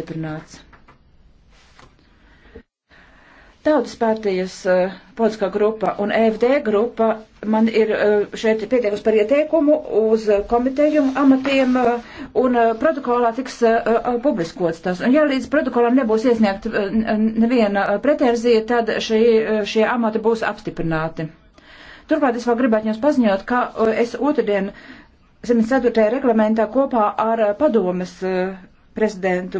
apstiprināts. Tautas partijas uh, politiskā grupa un EFD grupa man ir uh, šeit pieteikusi par ieteikumu uz uh, komiteju amatiem eh, un protokolā tiks publiskots tas. Un ja līdz protokolam nebūs iesniegt neviena pretērzija, tad šī, šie amati būs apstiprināti. Turklāt es vēl gribētu jums paziņot, ka es otrdien 74. reglamentā kopā ar padomes prezidentu